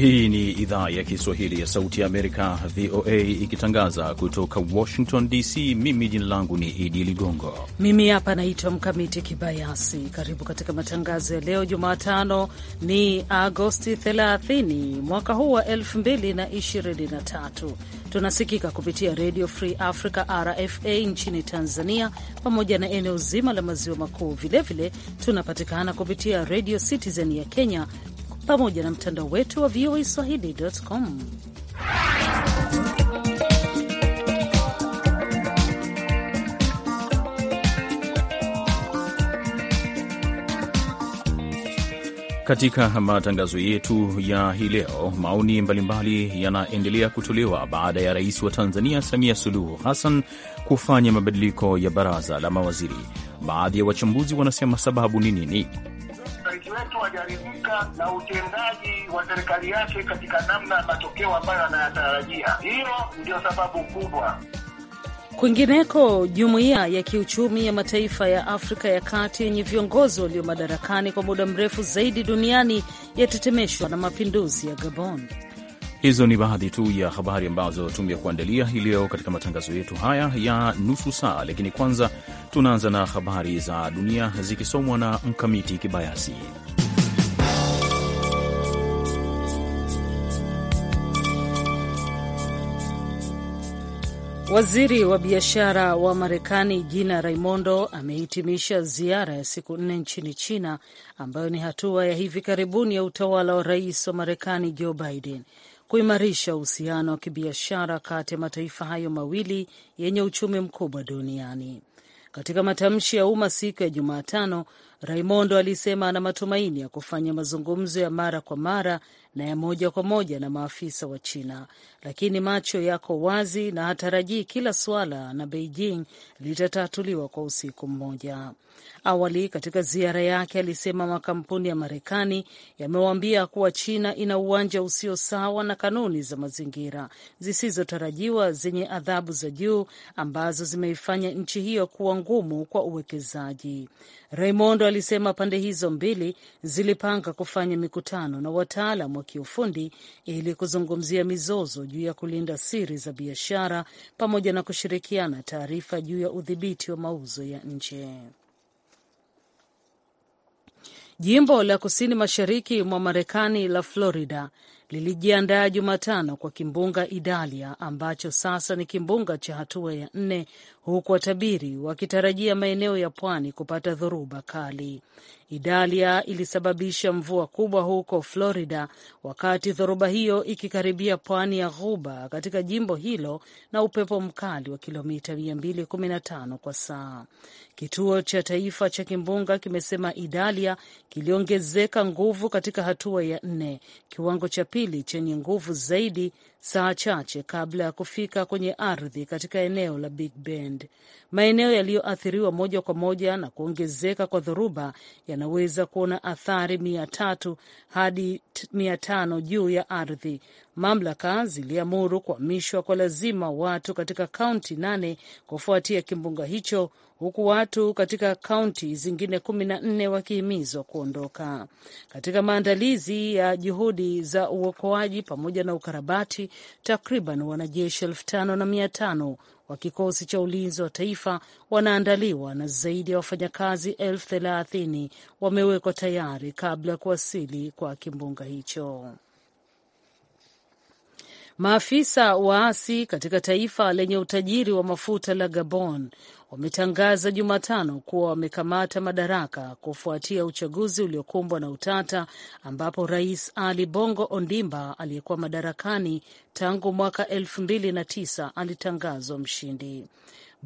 Hii ni idhaa ya Kiswahili ya Sauti ya Amerika, VOA, ikitangaza kutoka Washington DC. Mimi jina langu ni Idi Ligongo. Mimi hapa naitwa Mkamiti Kibayasi. Karibu katika matangazo ya leo Jumatano, ni Agosti 30 mwaka huu wa 2023. Tunasikika kupitia Radio Free Africa, RFA, nchini Tanzania pamoja na eneo zima la maziwa makuu. Vilevile tunapatikana kupitia Radio Citizen ya Kenya, pamoja na mtandao wetu wa VOA Swahili.com. Katika matangazo yetu ya hii leo, maoni mbalimbali yanaendelea kutolewa baada ya rais wa Tanzania Samia Suluhu Hassan kufanya mabadiliko ya baraza la mawaziri. Baadhi ya wachambuzi wanasema sababu ni nini? wetu wajaribika na utendaji wa serikali yake katika namna ya matokeo ambayo anayatarajia. Hiyo ndio sababu kubwa. Kwingineko, jumuiya ya kiuchumi ya mataifa ya Afrika ya Kati yenye viongozi walio madarakani kwa muda mrefu zaidi duniani yatetemeshwa na mapinduzi ya Gabon. Hizo ni baadhi tu ya habari ambazo tumekuandalia hii leo katika matangazo yetu haya ya nusu saa, lakini kwanza tunaanza na habari za dunia zikisomwa na Mkamiti Kibayasi. Waziri wa biashara wa Marekani Gina Raimondo amehitimisha ziara ya siku nne nchini China, ambayo ni hatua ya hivi karibuni ya utawala wa rais wa Marekani Joe Biden kuimarisha uhusiano wa kibiashara kati ya mataifa hayo mawili yenye uchumi mkubwa duniani. Katika matamshi ya umma siku ya Jumatano, Raimondo alisema ana matumaini ya kufanya mazungumzo ya mara kwa mara na ya moja kwa moja na maafisa wa China, lakini macho yako wazi na hatarajii kila suala na Beijing litatatuliwa kwa usiku mmoja. Awali katika ziara yake alisema makampuni ya Marekani yamewaambia kuwa China ina uwanja usio sawa na kanuni za mazingira zisizotarajiwa zenye adhabu za juu ambazo zimeifanya nchi hiyo kuwa ngumu kwa uwekezaji. Raimondo alisema pande hizo mbili zilipanga kufanya mikutano na wataalam wa kiufundi ili kuzungumzia mizozo juu ya kulinda siri za biashara pamoja na kushirikiana taarifa juu ya udhibiti wa mauzo ya nje. Jimbo la kusini mashariki mwa Marekani la Florida lilijiandaa Jumatano kwa kimbunga Idalia ambacho sasa ni kimbunga cha hatua ya nne huku watabiri wakitarajia maeneo ya pwani kupata dhoruba kali. Idalia ilisababisha mvua kubwa huko Florida wakati dhoruba hiyo ikikaribia pwani ya ghuba katika jimbo hilo na upepo mkali wa kilomita 215 kwa saa. Kituo cha taifa cha kimbunga kimesema Idalia kiliongezeka nguvu katika hatua ya nne, kiwango cha pili chenye nguvu zaidi saa chache kabla ya kufika kwenye ardhi katika eneo la Big Bend. Maeneo yaliyoathiriwa moja kwa moja na kuongezeka kwa dhoruba yanaweza kuona athari mia tatu hadi mia tano juu ya ardhi. Mamlaka ziliamuru kuhamishwa kwa lazima watu katika kaunti nane kufuatia kimbunga hicho, huku watu katika kaunti zingine kumi na nne wakihimizwa kuondoka. Katika maandalizi ya juhudi za uokoaji pamoja na ukarabati, takriban wanajeshi elfu tano na mia tano wa kikosi cha ulinzi wa taifa wanaandaliwa na zaidi ya wafanyakazi elfu thelathini wamewekwa tayari kabla ya kuwasili kwa kimbunga hicho. Maafisa waasi katika taifa lenye utajiri wa mafuta la Gabon wametangaza Jumatano kuwa wamekamata madaraka kufuatia uchaguzi uliokumbwa na utata ambapo Rais Ali Bongo Ondimba aliyekuwa madarakani tangu mwaka 2009 alitangazwa mshindi.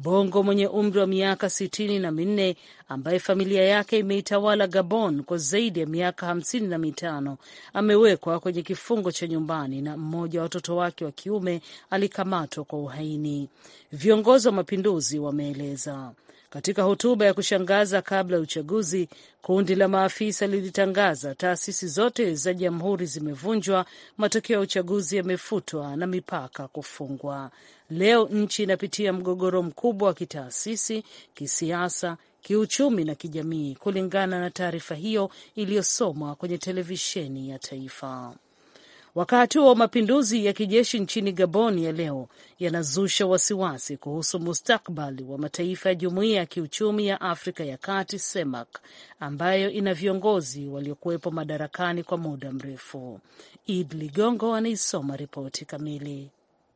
Bongo mwenye umri wa miaka sitini na minne ambaye familia yake imeitawala Gabon kwa zaidi ya miaka hamsini na mitano amewekwa kwenye kifungo cha nyumbani na mmoja wa watoto wake wa kiume alikamatwa kwa uhaini, viongozi wa mapinduzi wameeleza. Katika hotuba ya kushangaza kabla ya uchaguzi, kundi la maafisa lilitangaza taasisi zote za jamhuri zimevunjwa, matokeo ya uchaguzi yamefutwa na mipaka kufungwa. Leo nchi inapitia mgogoro mkubwa wa kitaasisi, kisiasa, kiuchumi na kijamii, kulingana na taarifa hiyo iliyosomwa kwenye televisheni ya taifa. Wakati wa mapinduzi ya kijeshi nchini Gabon ya leo yanazusha wasiwasi kuhusu mustakbali wa mataifa ya jumuiya ya kiuchumi ya Afrika ya Kati, semak ambayo ina viongozi waliokuwepo madarakani kwa muda mrefu. Id Ligongo anaisoma ripoti kamili.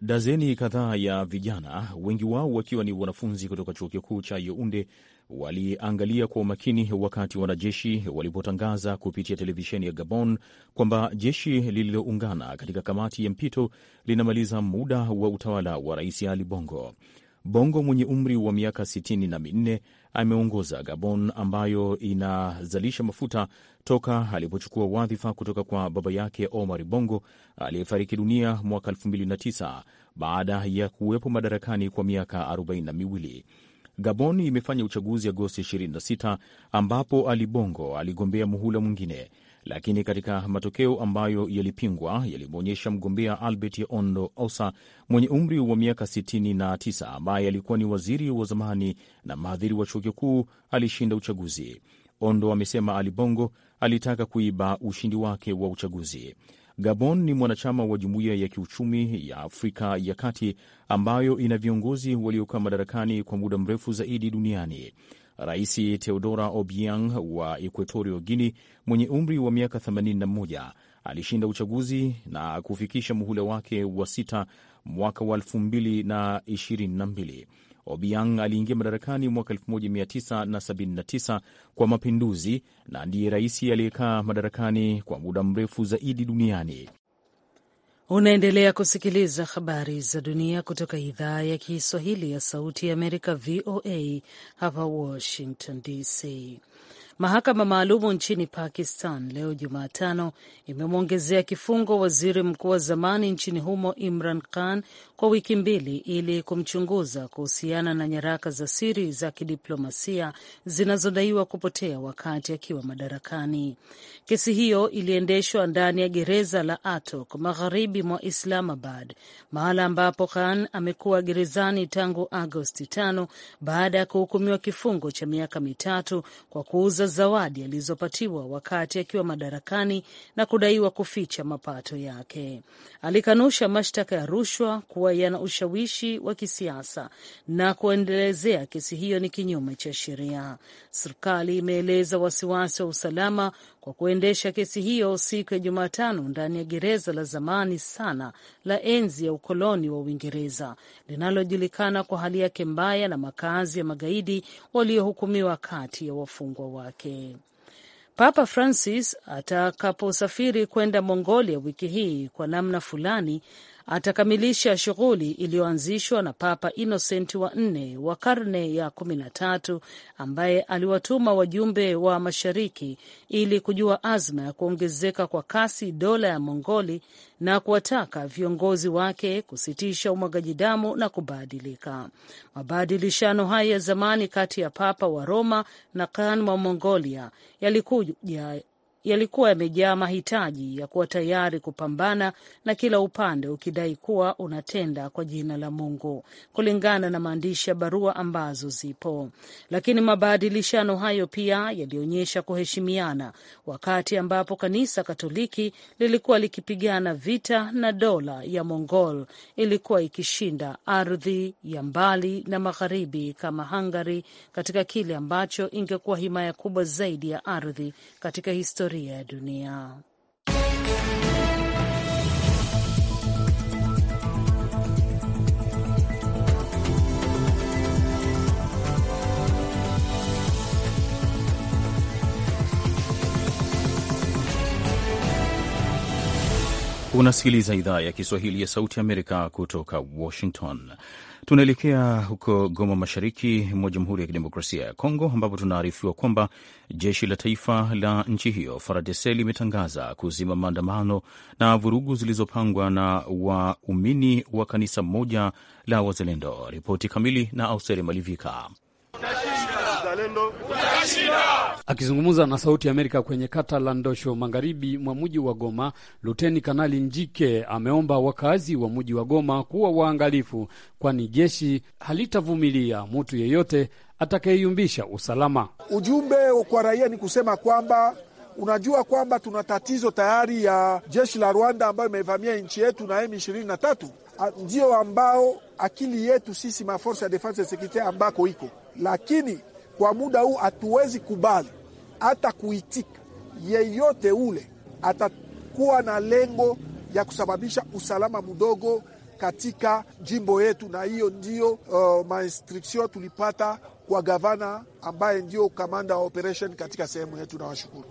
Dazeni kadhaa ya vijana, wengi wao wakiwa ni wanafunzi kutoka chuo kikuu cha Yeunde, waliangalia kwa umakini wakati wanajeshi walipotangaza kupitia televisheni ya Gabon kwamba jeshi lililoungana katika kamati ya mpito linamaliza muda wa utawala wa Rais Ali Bongo. Bongo mwenye umri wa miaka sitini na minne ameongoza Gabon ambayo inazalisha mafuta toka alipochukua wadhifa kutoka kwa baba yake Omar Bongo aliyefariki dunia mwaka 2009 baada ya kuwepo madarakani kwa miaka 4 miwili. Gabon imefanya uchaguzi Agosti 26 ambapo Ali Bongo aligombea muhula mwingine lakini katika matokeo ambayo yalipingwa yalimwonyesha mgombea Albert Ondo Osa mwenye umri wa miaka 69 ambaye alikuwa ni waziri wa zamani na mhadhiri wa chuo kikuu alishinda uchaguzi. Ondo amesema Ali Bongo alitaka kuiba ushindi wake wa uchaguzi. Gabon ni mwanachama wa Jumuiya ya Kiuchumi ya Afrika ya Kati ambayo ina viongozi waliokaa madarakani kwa muda mrefu zaidi duniani. Rais Teodora Obiang wa Equatorio Guini mwenye umri wa miaka 81 alishinda uchaguzi na kufikisha muhula wake wa sita mwaka wa 2022. Obiang aliingia madarakani mwaka 1979 kwa mapinduzi na ndiye rais aliyekaa madarakani kwa muda mrefu zaidi duniani. Unaendelea kusikiliza habari za dunia kutoka idhaa ya Kiswahili ya Sauti ya Amerika, VOA, hapa Washington DC. Mahakama maalumu nchini Pakistan leo Jumatano imemwongezea kifungo waziri mkuu wa zamani nchini humo Imran Khan kwa wiki mbili ili kumchunguza kuhusiana na nyaraka za siri za kidiplomasia zinazodaiwa kupotea wakati akiwa madarakani. Kesi hiyo iliendeshwa ndani ya gereza la Atok magharibi mwa Islamabad, mahala ambapo Khan amekuwa gerezani tangu Agosti tano baada ya kuhukumiwa kifungo cha miaka mitatu kwa kuuza za zawadi alizopatiwa wakati akiwa madarakani na kudaiwa kuficha mapato yake. Alikanusha mashtaka ya rushwa kuwa yana ushawishi wa kisiasa na kuendelezea kesi hiyo ni kinyume cha sheria. Serikali imeeleza wasiwasi wa usalama kwa kuendesha kesi hiyo siku ya Jumatano ndani ya gereza la zamani sana la enzi ya ukoloni wa Uingereza linalojulikana kwa hali yake mbaya na makazi ya magaidi waliohukumiwa kati ya wafungwa wake wake. Papa Francis atakaposafiri kwenda Mongolia wiki hii, kwa namna fulani atakamilisha shughuli iliyoanzishwa na Papa inosenti wa nne wa karne ya kumi na tatu ambaye aliwatuma wajumbe wa mashariki ili kujua azma ya kuongezeka kwa kasi dola ya Mongoli na kuwataka viongozi wake kusitisha umwagaji damu na kubadilika. Mabadilishano haya ya zamani kati ya Papa wa Roma na Khan wa Mongolia yalikuja yalikuwa yamejaa mahitaji ya kuwa tayari kupambana na kila upande ukidai kuwa unatenda kwa jina la Mungu, kulingana na maandishi ya barua ambazo zipo. Lakini mabadilishano hayo pia yalionyesha kuheshimiana, wakati ambapo kanisa Katoliki lilikuwa likipigana vita na dola ya Mongol ilikuwa ikishinda ardhi ya mbali na magharibi kama Hungary, katika kile ambacho ingekuwa himaya kubwa zaidi ya ardhi katika historia historia ya dunia. Unasikiliza idhaa ya Kiswahili ya Sauti Amerika kutoka Washington. Tunaelekea huko Goma, mashariki mwa Jamhuri ya Kidemokrasia ya Kongo, ambapo tunaarifiwa kwamba jeshi la taifa la nchi hiyo FARDC limetangaza kuzima maandamano na vurugu zilizopangwa na waumini wa kanisa moja la Wazalendo. Ripoti kamili na Austeri Malivika uzalendo utashinda. Akizungumza na Sauti Amerika kwenye kata la Ndosho, magharibi mwa mji wa Goma, Luteni Kanali Njike ameomba wakazi wa mji wa Goma kuwa waangalifu, kwani jeshi halitavumilia mutu yeyote atakayeyumbisha usalama. Ujumbe kwa raia ni kusema kwamba unajua kwamba tuna tatizo tayari ya jeshi la Rwanda ambayo imevamia nchi yetu na M23 ndio ambao akili yetu sisi maforce ya defense ya sekurite ambako iko, lakini kwa muda huu hatuwezi kubali hata kuitika yeyote ule atakuwa na lengo ya kusababisha usalama mdogo katika jimbo yetu, na hiyo ndio uh, mainstriction tulipata kwa gavana ambaye ndio kamanda wa operation katika sehemu yetu. Na washukuru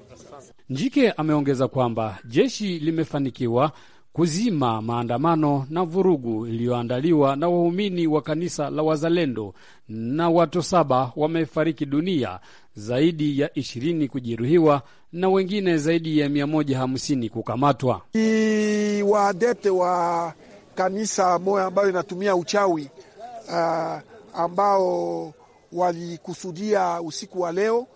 Njike ameongeza kwamba jeshi limefanikiwa kuzima maandamano na vurugu iliyoandaliwa na waumini wa kanisa la Wazalendo, na watu saba wamefariki dunia, zaidi ya ishirini kujeruhiwa na wengine zaidi ya mia moja hamsini kukamatwa. Ni waadete wa kanisa moya ambayo inatumia uchawi uh, ambao walikusudia usiku wa leo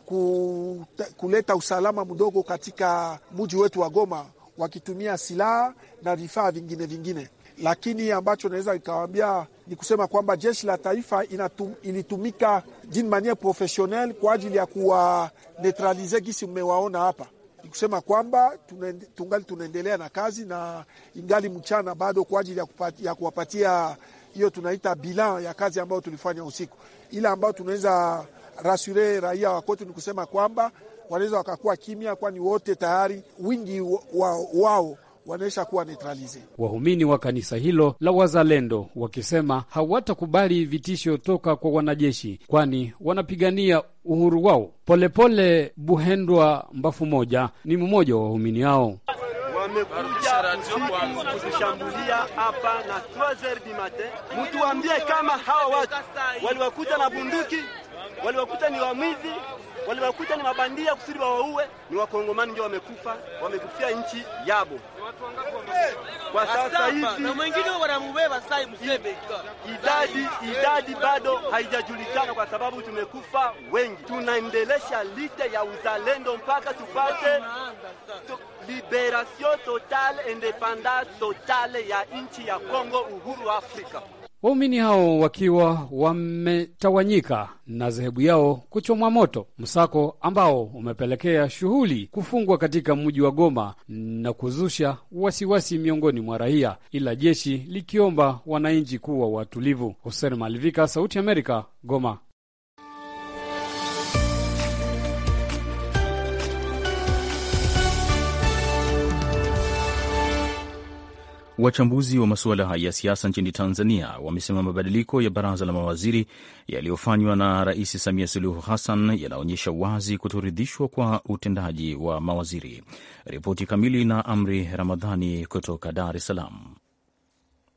kuleta usalama mdogo katika mji wetu wa Goma wakitumia silaha na vifaa vingine vingine, lakini ambacho naweza ikawambia ni kusema kwamba jeshi la taifa inatum, ilitumika din manie professionnel kwa ajili ya kuwanetralize gisi mmewaona hapa ni kusema kwamba tungali tunaendelea na kazi na ingali mchana bado kwa ajili ya, ya kuwapatia hiyo tunaita bilan ya kazi ambayo tulifanya usiku. Ile ambayo tunaweza rasure raia wa kwetu ni kusema kwamba wanaweza wakakuwa kimya, kwani wote tayari wingi wao wa, wanaisha kuwa neutralize. Waumini wa kanisa hilo la Wazalendo wakisema hawatakubali vitisho toka kwa wanajeshi, kwani wanapigania uhuru wao. Polepole Buhendwa Mbafu moja ni mmoja wa waumini hao. Wamekuja kutushambulia hapa na 3 du matin, mutuambie kama hawa watu waliwakuja na bunduki waliwakuta ni wamizi, waliwakuta ni mabandia kusudi wawaue. Ni wakongomani ndio wamekufa, wamekufia nchi yabo. Kwa sasa hivi idadi, idadi bado haijajulikana kwa sababu tumekufa wengi. Tunaendelesha lita ya uzalendo mpaka tupate liberation totale, independance totale ya nchi ya Kongo, uhuru wa Afrika. Waumini hao wakiwa wametawanyika na dhehebu yao kuchomwa moto, msako ambao umepelekea shughuli kufungwa katika mji wa Goma na kuzusha wasiwasi miongoni mwa raia, ila jeshi likiomba wananchi kuwa watulivu. Hussein Malivika, Sauti Amerika, Goma. Wachambuzi wa masuala ya siasa nchini Tanzania wamesema mabadiliko ya baraza la mawaziri yaliyofanywa na Rais Samia Suluhu Hassan yanaonyesha wazi kutoridhishwa kwa utendaji wa mawaziri. Ripoti kamili na Amri Ramadhani kutoka Dar es Salaam.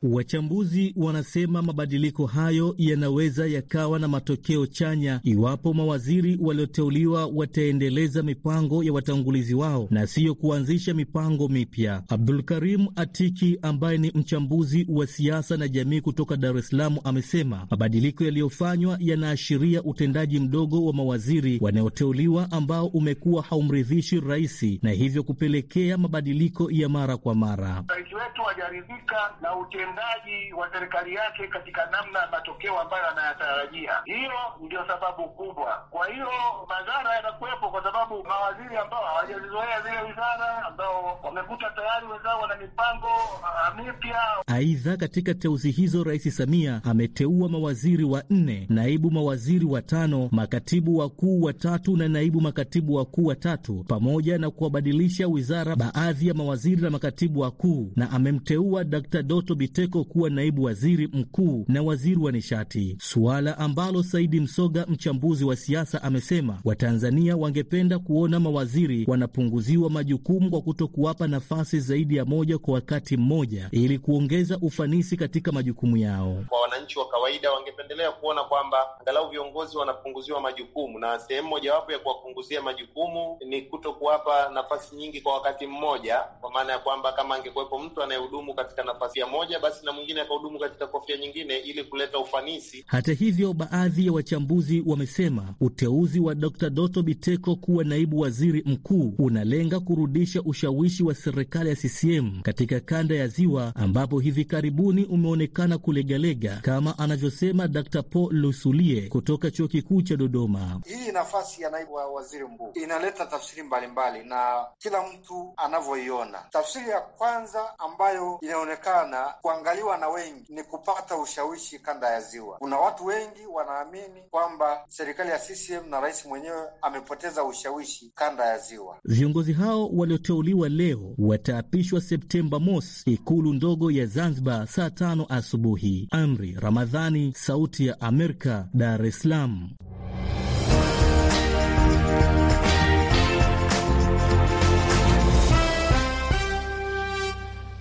Wachambuzi wanasema mabadiliko hayo yanaweza yakawa na matokeo chanya iwapo mawaziri walioteuliwa wataendeleza mipango ya watangulizi wao na siyo kuanzisha mipango mipya. Abdulkarim Atiki ambaye ni mchambuzi wa siasa na jamii kutoka Dar es Salaam amesema mabadiliko yaliyofanywa yanaashiria utendaji mdogo wa mawaziri wanaoteuliwa ambao umekuwa haumridhishi rais na hivyo kupelekea mabadiliko ya mara kwa mara. Rais wetu hajaridhika na utendaji wa serikali yake katika namna matokeo ambayo anayatarajia. Hiyo ndio sababu kubwa. Kwa hiyo madhara yanakuwepo kwa sababu mawaziri ambao hawajazizoea zile wizara, ambao wamekuta tayari wenzao wana mipango ah, mipya. Aidha, katika teuzi hizo Rais Samia ameteua mawaziri wa nne naibu mawaziri watano, makatibu wakuu watatu na naibu makatibu wakuu watatu, pamoja na kuwabadilisha wizara baadhi ya mawaziri na makatibu wakuu, na amemteua Dr. Doto Biteko kuwa naibu waziri mkuu na waziri wa nishati, suala ambalo Saidi Msoga, mchambuzi wa siasa, amesema Watanzania wangependa kuona mawaziri wanapunguziwa majukumu kwa kutokuwapa nafasi zaidi ya moja kwa wakati mmoja ili kuongeza ufanisi katika majukumu yao. Kwa wananchi wa kawaida, wangependelea kuona kwamba angalau viongozi wanapunguziwa majukumu, na sehemu mojawapo ya kuwapunguzia majukumu ni kuto kuwapa nafasi nyingi kwa wakati mmoja, kwa maana ya kwamba kama angekuwepo mtu anayehudumu katika nafasi ya moja basi na mwingine akahudumu katika kofia nyingine ili kuleta ufanisi. Hata hivyo, baadhi ya wachambuzi wamesema uteuzi wa Dr. Doto Biteko kuwa naibu waziri mkuu unalenga kurudisha ushawishi wa serikali ya CCM katika kanda ya Ziwa ambapo hivi karibuni umeonekana kulegalega, kama anavyosema Dr. Paul Lusulie kutoka Chuo Kikuu cha Dodoma. Hii nafasi ya naibu wa waziri mkuu inaleta tafsiri mbalimbali na kila mtu anavyoiona. Tafsiri ya kwanza ambayo inaonekana kwa kuangaliwa na wengi ni kupata ushawishi kanda ya Ziwa. Kuna watu wengi wanaamini kwamba serikali ya CCM na rais mwenyewe amepoteza ushawishi kanda ya Ziwa. Viongozi hao walioteuliwa leo wataapishwa Septemba mosi, ikulu ndogo ya Zanzibar, saa tano asubuhi. Amri Ramadhani, Sauti ya Amerika, Dar es Salaam.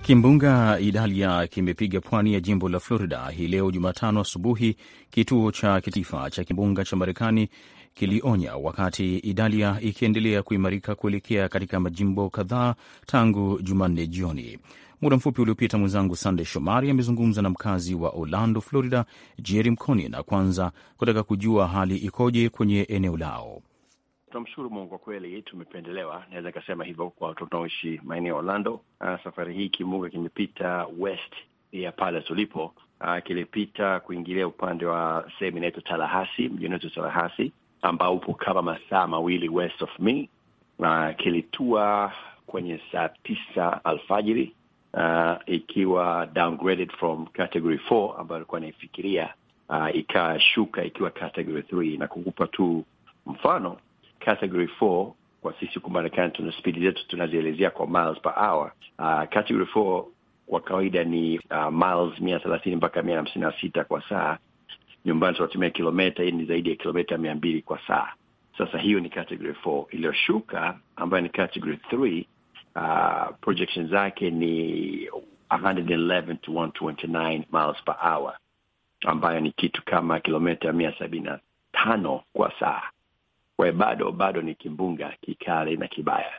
Kimbunga Idalia kimepiga pwani ya jimbo la Florida hii leo Jumatano asubuhi. Kituo cha kitaifa cha kimbunga cha Marekani kilionya wakati Idalia ikiendelea kuimarika kuelekea katika majimbo kadhaa tangu Jumanne jioni. Muda mfupi uliopita, mwenzangu Sandey Shomari amezungumza na mkazi wa Orlando, Florida, Jerry Mkoni, na kwanza kutaka kujua hali ikoje kwenye eneo lao. Tunamshukuru Mungu kwa kweli, tumependelewa, naweza nikasema hivyo kwa watu tunaoishi maeneo ya Orlando. Uh, safari hii kimbunga kimepita west ya pale tulipo, uh, kilipita kuingilia upande wa sehemu inaitwa Talahasi, mji unaitwa Talahasi ambao upo kama masaa mawili west of me, uh, kilitua kwenye saa tisa alfajiri uh, ikiwa downgraded from category 4 ambayo alikuwa anaifikiria uh, ikashuka ikiwa category 3 na kukupa tu mfano category 4 kwa sisi huku Marekani tuna spidi zetu tunazielezea kwa miles per hour. Uh, category 4 kwa kawaida ni uh, miles mia thelathini mpaka mia hamsini na sita kwa saa. Nyumbani tunatumia kilometa, hii ni zaidi ya kilometa mia mbili kwa saa. Sasa hiyo ni category 4. Iliyoshuka ambayo ni category 3, uh, ah, projection zake ni 111 to 129 miles per hour ambayo ni kitu kama kilometa mia sabini na tano kwa saa kwa hiyo bado bado ni kimbunga kikali na kibaya,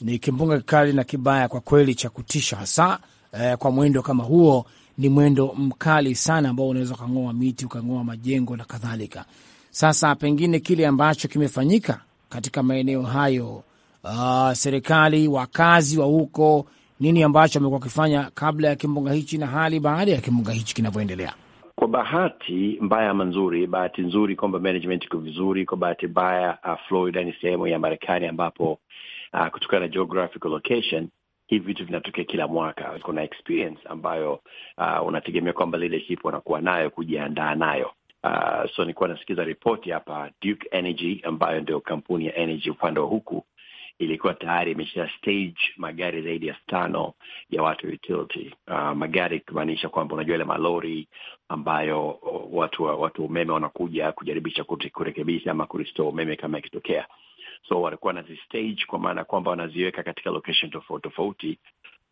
ni kimbunga kikali na kibaya kwa kweli, cha kutisha hasa eh, kwa mwendo kama huo. Ni mwendo mkali sana ambao unaweza ukang'oa miti ukang'oa majengo na kadhalika. Sasa pengine kile ambacho kimefanyika katika maeneo hayo, uh, serikali, wakazi wa huko, nini ambacho amekuwa akifanya kabla ya kimbunga hichi na hali baada ya kimbunga hichi kinavyoendelea? Kwa bahati mbaya ama nzuri, bahati nzuri kwamba management iko vizuri, kwa bahati mbaya uh, Florida ni sehemu ya Marekani ambapo uh, kutokana na geographical location hivi vitu vinatokea kila mwaka. Kuna experience ambayo uh, unategemea kwamba leadership wanakuwa nayo kujiandaa nayo. Uh, so nilikuwa nasikiza ripoti hapa Duke Energy ambayo ndio kampuni ya energy upande wa huku ilikuwa tayari imesha stage magari zaidi ya tano ya watu utility. Uh, magari kumaanisha kwamba unajua ile malori ambayo watu watu umeme wanakuja kujaribisha kurekebisha ama kuristo umeme kama ikitokea, so walikuwa wanazistage kwa maana kwamba wanaziweka katika location tofauti tofauti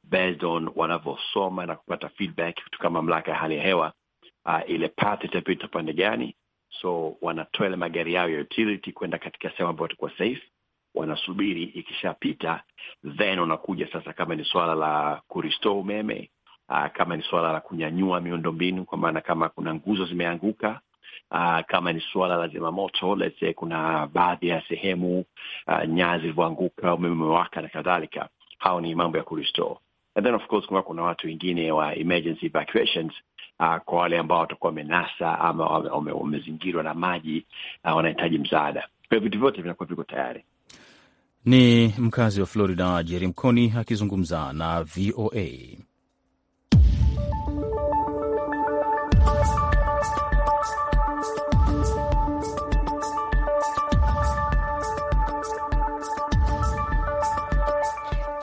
based on wanavyosoma na kupata feedback kutoka mamlaka ya hali ya hewa, uh, ile path itapita pande gani, so wanatoa ile magari yao ya utility kwenda katika sehemu ambayo itakuwa safe wanasubiri ikishapita, then wanakuja sasa, kama ni suala la kurestore umeme uh, kama ni suala la kunyanyua miundombinu, kwa maana kama kuna nguzo zimeanguka uh, kama ni suala la zimamoto, let's say kuna baadhi ya sehemu ah, nyaya zilivyoanguka, umeme umewaka na kadhalika, hao ni mambo ya kurestore. And then of course kuna, kuna watu wengine wa emergency evacuations Uh, kwa wale ambao watakuwa wamenasa ama wamezingirwa na maji uh, wanahitaji msaada. Kwa hiyo vitu vyote vinakuwa viko tayari. Ni mkazi wa Florida, Jerry Mkoni akizungumza na VOA.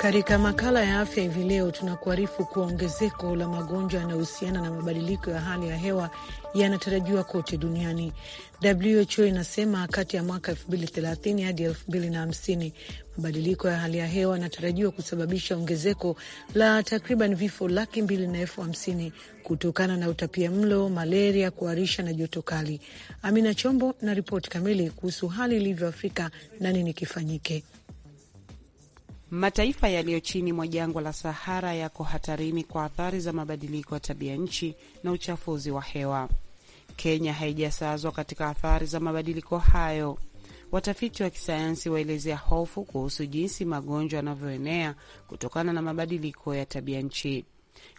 Katika makala ya afya hivi leo tunakuarifu kuwa ongezeko la magonjwa yanayohusiana na mabadiliko ya hali ya hewa yanatarajiwa kote duniani. WHO inasema kati ya mwaka 2030 hadi 2050 mabadiliko ya hali ya hewa yanatarajiwa kusababisha ongezeko la takriban vifo laki mbili na elfu hamsini kutokana na utapia mlo, malaria, kuharisha na joto kali. Amina Chombo na ripoti kamili kuhusu hali ilivyo Afrika na nini kifanyike. Mataifa yaliyo chini mwa jangwa la Sahara yako hatarini kwa athari za mabadiliko ya tabia nchi na uchafuzi wa hewa. Kenya haijasazwa katika athari za mabadiliko hayo. Watafiti wa kisayansi waelezea hofu kuhusu jinsi magonjwa yanavyoenea kutokana na mabadiliko ya tabia nchi.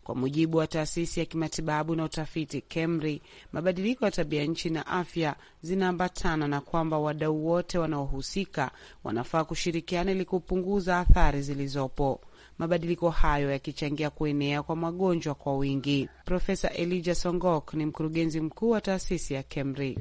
Kwa mujibu wa taasisi ya kimatibabu na utafiti KEMRI, mabadiliko ya tabia nchi na afya zinaambatana na kwamba wadau wote wanaohusika wanafaa kushirikiana ili kupunguza athari zilizopo mabadiliko hayo yakichangia kuenea kwa magonjwa kwa wingi. Profesa Elijah Songok ni mkurugenzi mkuu wa taasisi ya KEMRI.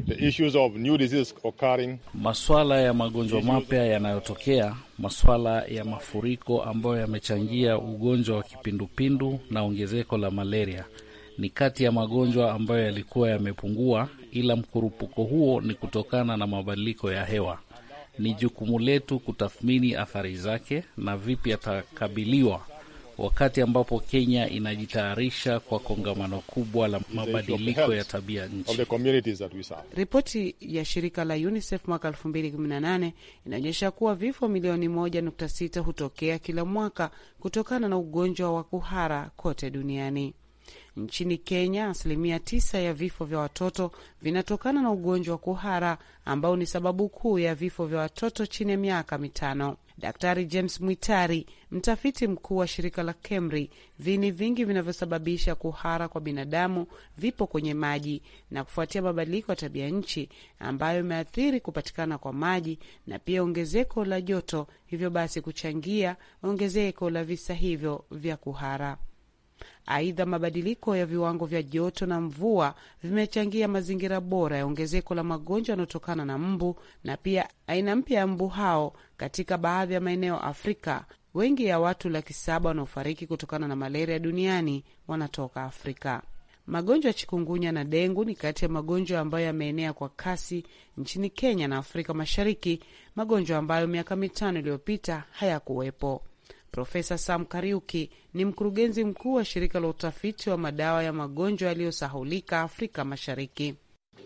Maswala ya magonjwa mapya yanayotokea, maswala ya mafuriko ambayo yamechangia ugonjwa wa kipindupindu na ongezeko la malaria ni kati ya magonjwa ambayo yalikuwa yamepungua, ila mkurupuko huo ni kutokana na mabadiliko ya hewa. Ni jukumu letu kutathmini athari zake na vipi atakabiliwa wakati ambapo Kenya inajitayarisha kwa kongamano kubwa la mabadiliko ya tabia nchi. Ripoti ya shirika la UNICEF mwaka 2018 inaonyesha kuwa vifo milioni 1.6 hutokea kila mwaka kutokana na ugonjwa wa kuhara kote duniani. Nchini Kenya, asilimia tisa ya vifo vya watoto vinatokana na ugonjwa wa kuhara ambao ni sababu kuu ya vifo vya watoto chini ya miaka mitano. Daktari James Mwitari, mtafiti mkuu wa shirika la KEMRI, viini vingi vinavyosababisha kuhara kwa binadamu vipo kwenye maji, na kufuatia mabadiliko ya tabia nchi ambayo imeathiri kupatikana kwa maji na pia ongezeko la joto, hivyo basi kuchangia ongezeko la visa hivyo vya kuhara. Aidha, mabadiliko ya viwango vya joto na mvua vimechangia mazingira bora ya ongezeko la magonjwa yanayotokana na mbu na pia aina mpya ya mbu hao katika baadhi ya maeneo Afrika. Wengi ya watu laki saba wanaofariki kutokana na malaria duniani wanatoka Afrika. Magonjwa ya chikungunya na dengu ni kati ya magonjwa ambayo yameenea kwa kasi nchini Kenya na Afrika Mashariki, magonjwa ambayo miaka mitano iliyopita hayakuwepo. Profesa Sam Kariuki ni mkurugenzi mkuu wa shirika la utafiti wa madawa ya magonjwa yaliyosahulika Afrika Mashariki.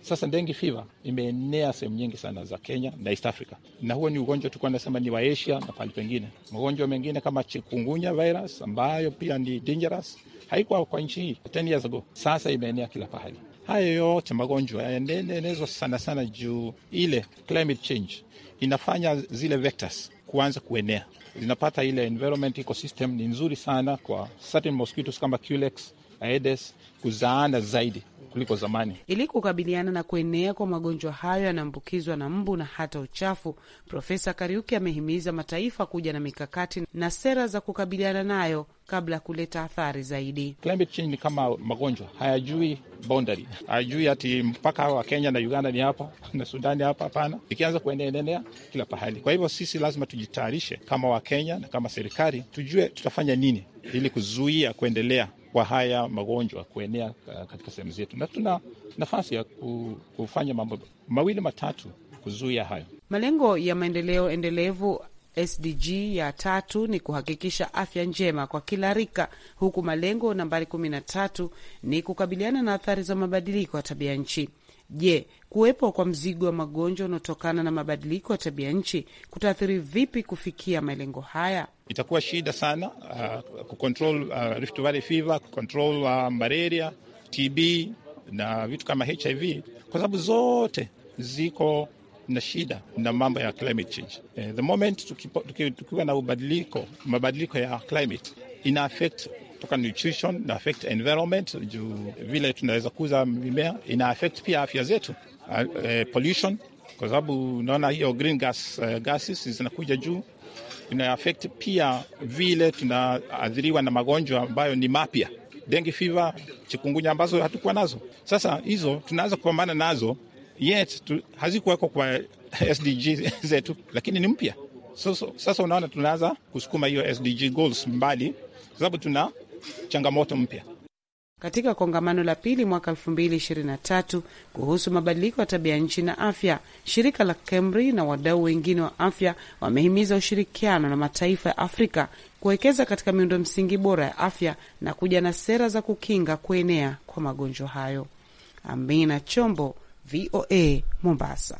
Sasa ndengi fiva imeenea sehemu nyingi sana za Kenya na East Africa, na huo ni ugonjwa tulikuwa nasema ni wa Asia na pahali pengine. Magonjwa mengine kama chikungunya virus ambayo pia ni dangerous, haikuwa kwa nchi hii 10 years ago, sasa imeenea kila pahali. Haya yote magonjwa yanaenezwa sana sana juu ile climate change inafanya zile vectors kuanza kuenea, zinapata ile environment ecosystem ni nzuri sana kwa certain mosquitoes kama Culex Aedes kuzaana zaidi kuliko zamani. Ili kukabiliana na kuenea kwa magonjwa hayo yanaambukizwa na mbu na hata uchafu, Profesa Kariuki amehimiza mataifa kuja na mikakati na sera za kukabiliana nayo kabla ya kuleta athari zaidi. Climate change ni kama magonjwa, hayajui boundary, hayajui ati mpaka wa Kenya na Uganda ni hapa na Sudani hapa, hapana. Ikianza kueneenea kila pahali. Kwa hivyo sisi lazima tujitayarishe kama Wakenya na kama serikali, tujue tutafanya nini ili kuzuia kuendelea kwa haya magonjwa kuenea katika sehemu zetu, na tuna nafasi ya kufanya mambo mawili matatu kuzuia hayo. Malengo ya maendeleo endelevu SDG ya tatu ni kuhakikisha afya njema kwa kila rika, huku malengo nambari kumi na tatu ni kukabiliana na athari za mabadiliko ya tabia nchi. Je, kuwepo kwa mzigo wa magonjwa unaotokana na mabadiliko ya tabia nchi kutaathiri vipi kufikia malengo haya? Itakuwa shida sana uh, kucontrol uh, Rift Valley fever, kucontrol uh, malaria, TB na vitu kama HIV, kwa sababu zote ziko na shida na mambo ya climate change. Uh, the moment tukiwa na ubadiliko mabadiliko ya climate ina affect kutoka nutrition na affect environment, juu vile tunaweza kuuza mimea ina affect pia afya zetu, uh, uh, pollution kwa sababu unaona hiyo green gas, uh, gases zinakuja juu, ina affect pia vile tunaathiriwa na magonjwa ambayo ni mapya, dengue fever, chikungunya ambazo hatukuwa nazo. Sasa hizo tunaanza kupambana nazo, yet hazikuwekwa kwa SDG zetu, lakini ni mpya. So, so, sasa unaona tunaanza kusukuma hiyo SDG goals mbali, sababu tuna changamoto mpya. Katika kongamano la pili mwaka 2023 kuhusu mabadiliko ya tabia nchi na afya, shirika la KEMRI na wadau wengine wa afya wamehimiza ushirikiano na mataifa ya Afrika kuwekeza katika miundo msingi bora ya afya na kuja na sera za kukinga kuenea kwa magonjwa hayo. Amina Chombo, VOA, Mombasa.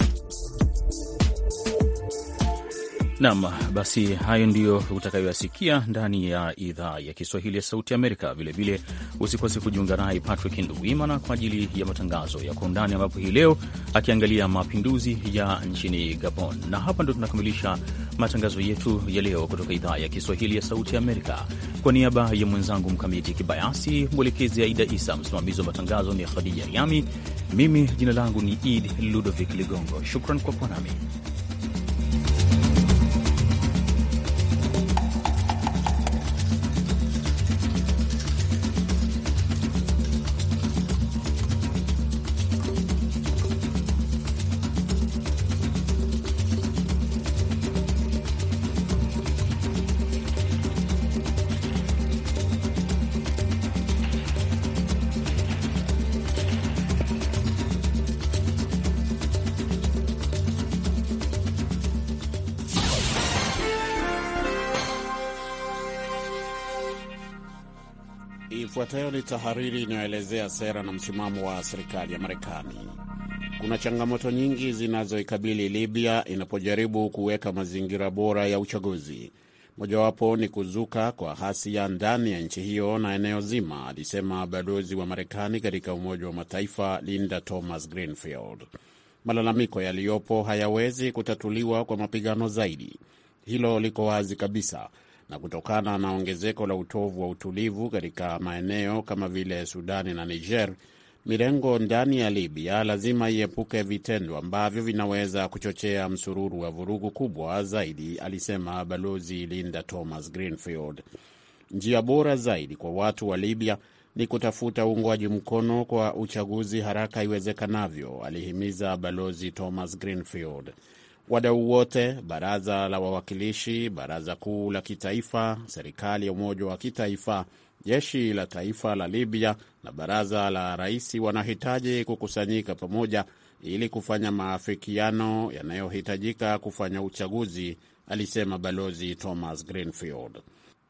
Nam, basi hayo ndiyo utakayoyasikia ndani ya idhaa ya Kiswahili ya Sauti Amerika. Vilevile usikose kujiunga naye Patrick Nduwimana kwa ajili ya matangazo ya Kwa Undani, ambapo hii leo akiangalia mapinduzi ya nchini Gabon. Na hapa ndo tunakamilisha matangazo yetu ya leo kutoka idhaa ya Kiswahili ya Sauti Amerika. Kwa niaba ya mwenzangu Mkamiti Kibayasi, mwelekezi Aida Isa, msimamizi wa matangazo ni Khadija Riami, mimi jina langu ni Id Ludovic Ligongo. Shukran kwa kuwa nami. ni tahariri inayoelezea sera na msimamo wa serikali ya Marekani. Kuna changamoto nyingi zinazoikabili Libya inapojaribu kuweka mazingira bora ya uchaguzi. Mojawapo ni kuzuka kwa hasia ndani ya nchi hiyo na eneo zima, alisema balozi wa Marekani katika Umoja wa Mataifa Linda Thomas Greenfield. Malalamiko yaliyopo hayawezi kutatuliwa kwa mapigano zaidi, hilo liko wazi kabisa, na kutokana na ongezeko la utovu wa utulivu katika maeneo kama vile Sudani na Niger, mirengo ndani ya Libya lazima iepuke vitendo ambavyo vinaweza kuchochea msururu wa vurugu kubwa zaidi, alisema Balozi Linda Thomas Greenfield. Njia bora zaidi kwa watu wa Libya ni kutafuta uungwaji mkono kwa uchaguzi haraka iwezekanavyo, alihimiza Balozi Thomas Greenfield. Wadau wote, baraza la wawakilishi, baraza kuu la kitaifa, serikali ya umoja wa kitaifa, jeshi la taifa la Libya na baraza la rais wanahitaji kukusanyika pamoja ili kufanya maafikiano yanayohitajika kufanya uchaguzi, alisema Balozi Thomas Greenfield.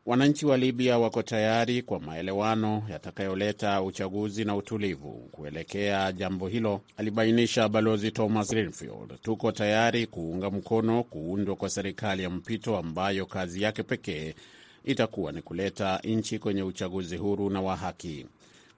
Wananchi wa Libya wako tayari kwa maelewano yatakayoleta uchaguzi na utulivu kuelekea jambo hilo, alibainisha Balozi Thomas Greenfield. Tuko tayari kuunga mkono kuundwa kwa serikali ya mpito ambayo kazi yake pekee itakuwa ni kuleta nchi kwenye uchaguzi huru na wa haki.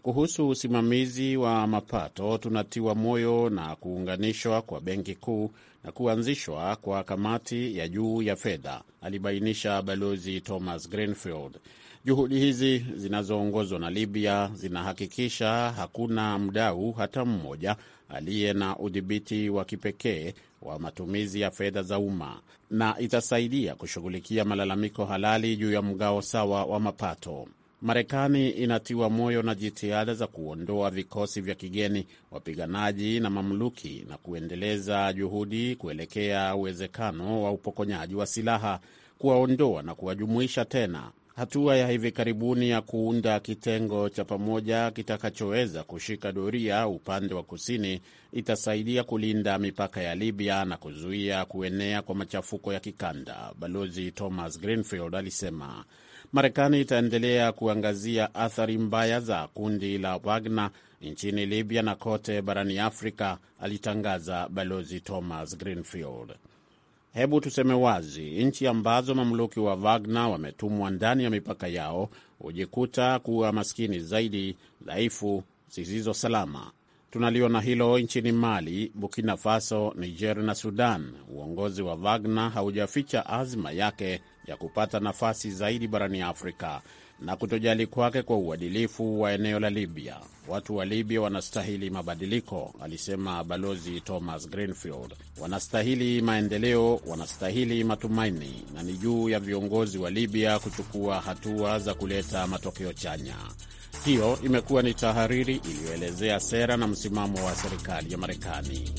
Kuhusu usimamizi wa mapato, tunatiwa moyo na kuunganishwa kwa benki kuu na kuanzishwa kwa kamati ya juu ya fedha, alibainisha Balozi Thomas Greenfield. Juhudi hizi zinazoongozwa na Libya zinahakikisha hakuna mdau hata mmoja aliye na udhibiti wa kipekee wa matumizi ya fedha za umma na itasaidia kushughulikia malalamiko halali juu ya mgao sawa wa mapato. Marekani inatiwa moyo na jitihada za kuondoa vikosi vya kigeni, wapiganaji na mamluki na kuendeleza juhudi kuelekea uwezekano wa upokonyaji wa silaha, kuwaondoa na kuwajumuisha tena. Hatua ya hivi karibuni ya kuunda kitengo cha pamoja kitakachoweza kushika doria upande wa kusini itasaidia kulinda mipaka ya Libya na kuzuia kuenea kwa machafuko ya kikanda, Balozi Thomas Greenfield alisema. Marekani itaendelea kuangazia athari mbaya za kundi la Wagner nchini Libya na kote barani Afrika, alitangaza Balozi Thomas Greenfield. Hebu tuseme wazi, nchi ambazo mamluki wa Wagner wametumwa ndani ya mipaka yao hujikuta kuwa maskini zaidi, dhaifu, zisizo salama. Tunaliona hilo nchini Mali, Burkina Faso, Niger na Sudan. Uongozi wa Wagner haujaficha azma yake ya kupata nafasi zaidi barani Afrika na kutojali kwake kwa uadilifu wa eneo la Libya. Watu wa Libya wanastahili mabadiliko, alisema Balozi Thomas Greenfield. Wanastahili maendeleo, wanastahili matumaini, na ni juu ya viongozi wa Libya kuchukua hatua za kuleta matokeo chanya. Hiyo imekuwa ni tahariri iliyoelezea sera na msimamo wa serikali ya Marekani.